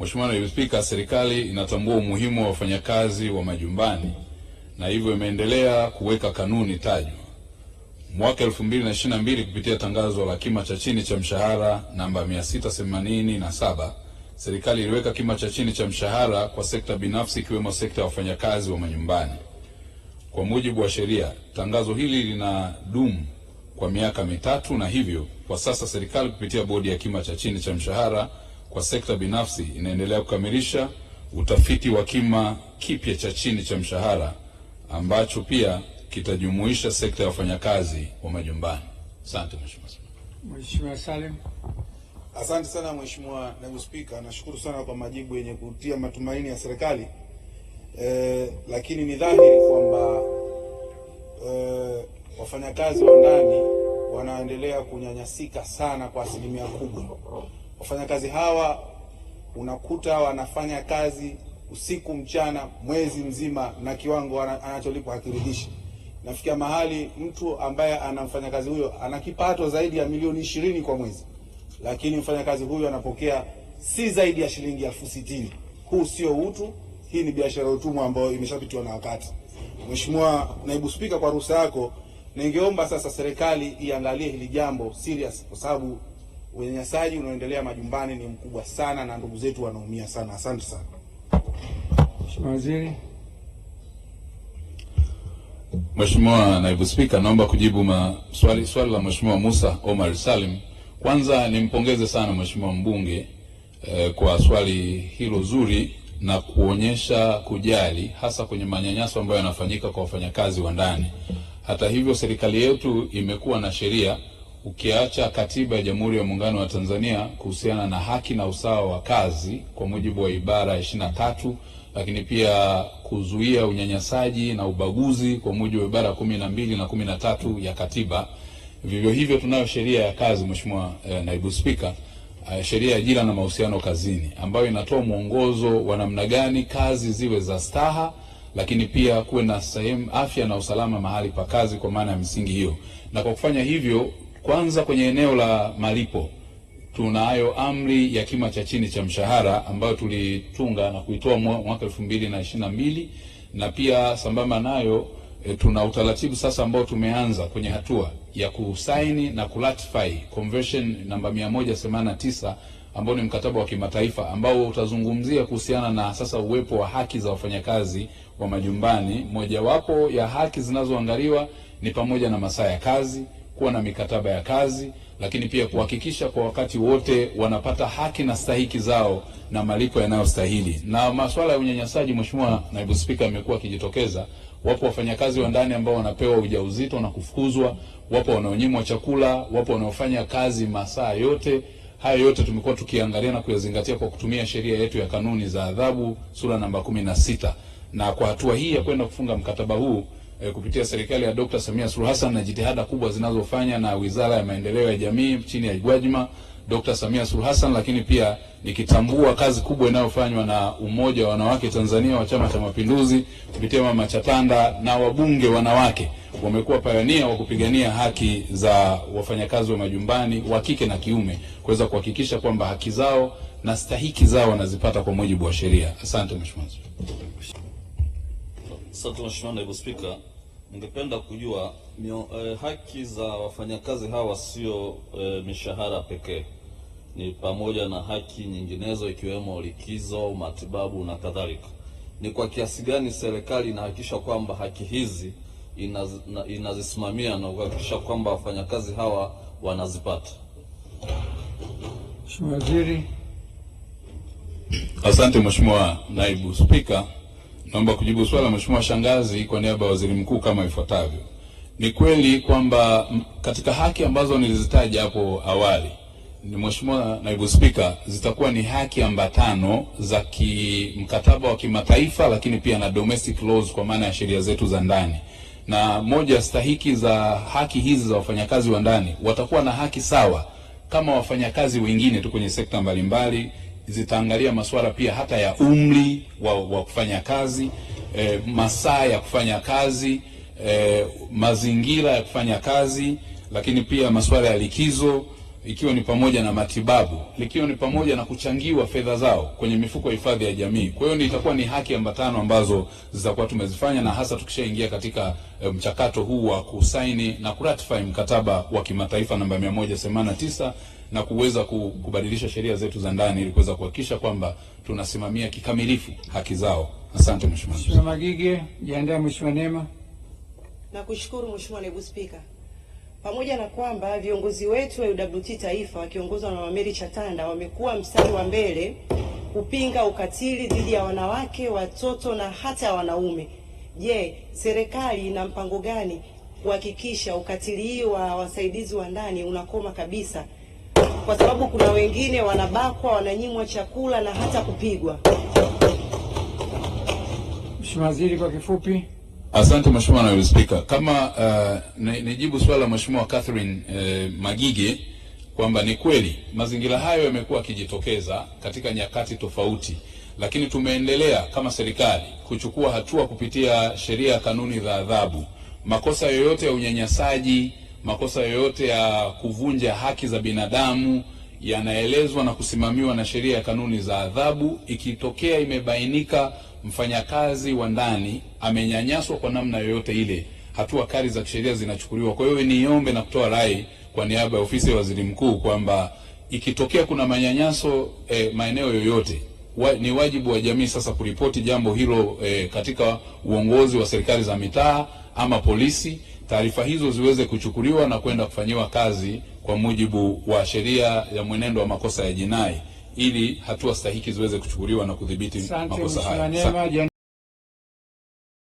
Mheshimiwa Naibu Spika, serikali inatambua umuhimu wa wafanyakazi wa majumbani na hivyo imeendelea kuweka kanuni tajwa mwaka 2022 kupitia tangazo la kima cha chini cha mshahara namba 687 serikali iliweka kima cha chini cha mshahara kwa sekta binafsi ikiwemo sekta ya wafanyakazi wa majumbani. Kwa mujibu wa sheria, tangazo hili lina dumu kwa miaka mitatu, na hivyo kwa sasa serikali kupitia bodi ya kima cha chini cha mshahara kwa sekta binafsi inaendelea kukamilisha utafiti wa kima kipya cha chini cha mshahara ambacho pia kitajumuisha sekta ya wafanyakazi wa majumbani. Asante Mheshimiwa. Mheshimiwa Salim. Asante sana Mheshimiwa Naibu Spika, nashukuru sana kwa majibu yenye kutia matumaini ya serikali e, lakini ni dhahiri kwamba e, wafanyakazi wa ndani wanaendelea kunyanyasika sana kwa asilimia kubwa. Wafanyakazi hawa unakuta wanafanya kazi usiku mchana, mwezi mzima, na kiwango anacholipwa hakiridhishi. Nafikia mahali mtu ambaye ana mfanyakazi huyo ana kipato zaidi ya milioni ishirini kwa mwezi, lakini mfanyakazi huyo anapokea si zaidi ya shilingi elfu sitini. Huu sio utu, hii ni biashara ya utumwa ambayo imeshapitiwa na wakati. mweshimua Naibu Spika, kwa ruhusa yako, ningeomba sasa serikali iangalie hili jambo serious kwa sababu unyanyasaji unaoendelea majumbani ni mkubwa sana na ndugu zetu wanaumia sana. Asante sana Mheshimiwa Waziri. Mheshimiwa Naibu Spika, naomba kujibu maswali, swali la Mheshimiwa Musa Omar Salim. Kwanza nimpongeze sana Mheshimiwa mbunge eh, kwa swali hilo zuri na kuonyesha kujali hasa kwenye manyanyaso ambayo yanafanyika kwa wafanyakazi wa ndani. Hata hivyo, serikali yetu imekuwa na sheria ukiacha katiba ya Jamhuri ya Muungano wa Tanzania kuhusiana na haki na usawa wa kazi kwa mujibu wa ibara ya ishirini na tatu, lakini pia kuzuia unyanyasaji na ubaguzi kwa mujibu wa ibara kumi na mbili na kumi na tatu ya katiba. Vivyo hivyo tunayo sheria ya kazi, Mheshimiwa eh, Naibu Spika, eh, sheria ya ajira na mahusiano kazini ambayo inatoa mwongozo wa namna gani kazi ziwe za staha lakini pia kuwe na sehemu afya na usalama mahali pa kazi kwa maana ya misingi hiyo, na kwa kufanya hivyo kwanza kwenye eneo la malipo tunayo amri ya kima cha chini cha mshahara ambayo tulitunga na kuitoa mwaka elfu mbili na ishirini na mbili na pia sambamba nayo e, tuna utaratibu sasa ambao tumeanza kwenye hatua ya kusaini na kuratify convention namba 189 ambao ni mkataba wa kimataifa ambao utazungumzia kuhusiana na sasa uwepo wa haki za wafanyakazi wa majumbani. Mojawapo ya haki zinazoangaliwa ni pamoja na masaa ya kazi kuwa na mikataba ya kazi, lakini pia kuhakikisha kwa wakati wote wanapata haki na stahiki zao na malipo yanayostahili. Na masuala ya unyanyasaji, Mheshimiwa Naibu Spika, amekuwa akijitokeza. Wapo wafanyakazi wa ndani ambao wanapewa ujauzito na kufukuzwa, wapo wanaonyimwa chakula, wapo wanaofanya kazi masaa yote. Haya yote tumekuwa tukiangalia na kuyazingatia kwa kutumia sheria yetu ya kanuni za adhabu sura namba kumi na sita, na kwa hatua hii ya kwenda kufunga mkataba huu eh, kupitia serikali ya Dr. Samia Suluhu Hassan na jitihada kubwa zinazofanya na Wizara ya Maendeleo ya Jamii chini ya Gwajima Dr. Samia Suluhu Hassan, lakini pia nikitambua kazi kubwa inayofanywa na Umoja wa Wanawake Tanzania wa Chama cha Mapinduzi kupitia Mama Chatanda na wabunge wanawake wamekuwa payania wa kupigania haki za wafanyakazi wa majumbani wa kike na kiume kuweza kuhakikisha kwamba haki zao na stahiki zao wanazipata kwa mujibu wa sheria. Asante mheshimiwa. Asante Mheshimiwa Naibu Spika, ningependa kujua mio, eh, haki za wafanyakazi hawa sio eh, mishahara pekee, ni pamoja na haki nyinginezo ikiwemo likizo, matibabu na kadhalika. Ni kwa kiasi gani serikali inahakikisha kwamba haki hizi inaz, na, inazisimamia na kuhakikisha kwamba wafanyakazi hawa wanazipata? Mheshimiwa Waziri. Asante Mheshimiwa Naibu Spika. Naomba kujibu swala Mheshimiwa Shangazi kwa niaba ya Waziri Mkuu kama ifuatavyo. Ni kweli kwamba katika haki ambazo nilizitaja hapo awali ni Mheshimiwa Naibu Spika, zitakuwa ni haki ambatano za kimkataba wa kimataifa, lakini pia na domestic laws kwa maana ya sheria zetu za ndani. Na moja stahiki za haki hizi za wafanyakazi wa ndani, watakuwa na haki sawa kama wafanyakazi wengine tu kwenye sekta mbalimbali zitaangalia masuala pia hata ya umri wa, wa kufanya kazi e, masaa ya kufanya kazi e, mazingira ya kufanya kazi, lakini pia masuala ya likizo ikiwa ni pamoja na matibabu, likiwa ni pamoja na kuchangiwa fedha zao kwenye mifuko ya hifadhi ya jamii. Kwa hiyo itakuwa ni haki ambatano ambazo zitakuwa tumezifanya, na hasa tukishaingia katika eh, mchakato huu wa kusaini na kuratify mkataba wa kimataifa namba 189 na kuweza kubadilisha sheria zetu za ndani ili kuweza kuhakikisha kwamba tunasimamia kikamilifu haki zao. Asante Mheshimiwa Magige. Jiandae Mheshimiwa Neema. Nakushukuru Mheshimiwa Naibu Spika pamoja na kwamba viongozi wetu wa UWT Taifa wakiongozwa na Wameri Chatanda wamekuwa mstari wa mbele kupinga ukatili dhidi ya wanawake, watoto na hata wanaume. Je, serikali ina mpango gani kuhakikisha ukatili wa wasaidizi wa ndani unakoma kabisa? Kwa sababu kuna wengine wanabakwa, wananyimwa chakula na hata kupigwa. Mheshimiwa Waziri, kwa kifupi. Asante Mheshimiwa Naibu Spika, kama uh, nijibu swala la Mheshimiwa Catherine uh, Magige kwamba ni kweli mazingira hayo yamekuwa yakijitokeza katika nyakati tofauti, lakini tumeendelea kama serikali kuchukua hatua kupitia sheria ya kanuni za adhabu. Makosa yoyote ya unyanyasaji, makosa yoyote ya kuvunja haki za binadamu yanaelezwa na kusimamiwa na sheria ya kanuni za adhabu. Ikitokea imebainika mfanyakazi wa ndani amenyanyaswa kwa namna yoyote ile, hatua kali za kisheria zinachukuliwa. Kwa hiyo niombe na kutoa rai kwa niaba ya ofisi ya waziri mkuu kwamba ikitokea kuna manyanyaso eh, maeneo yoyote wa, ni wajibu wa jamii sasa kuripoti jambo hilo eh, katika uongozi wa serikali za mitaa ama polisi, taarifa hizo ziweze kuchukuliwa na kwenda kufanyiwa kazi kwa mujibu wa sheria ya mwenendo wa makosa ya jinai ili hatua stahiki ziweze kuchukuliwa na kudhibiti makosa haya.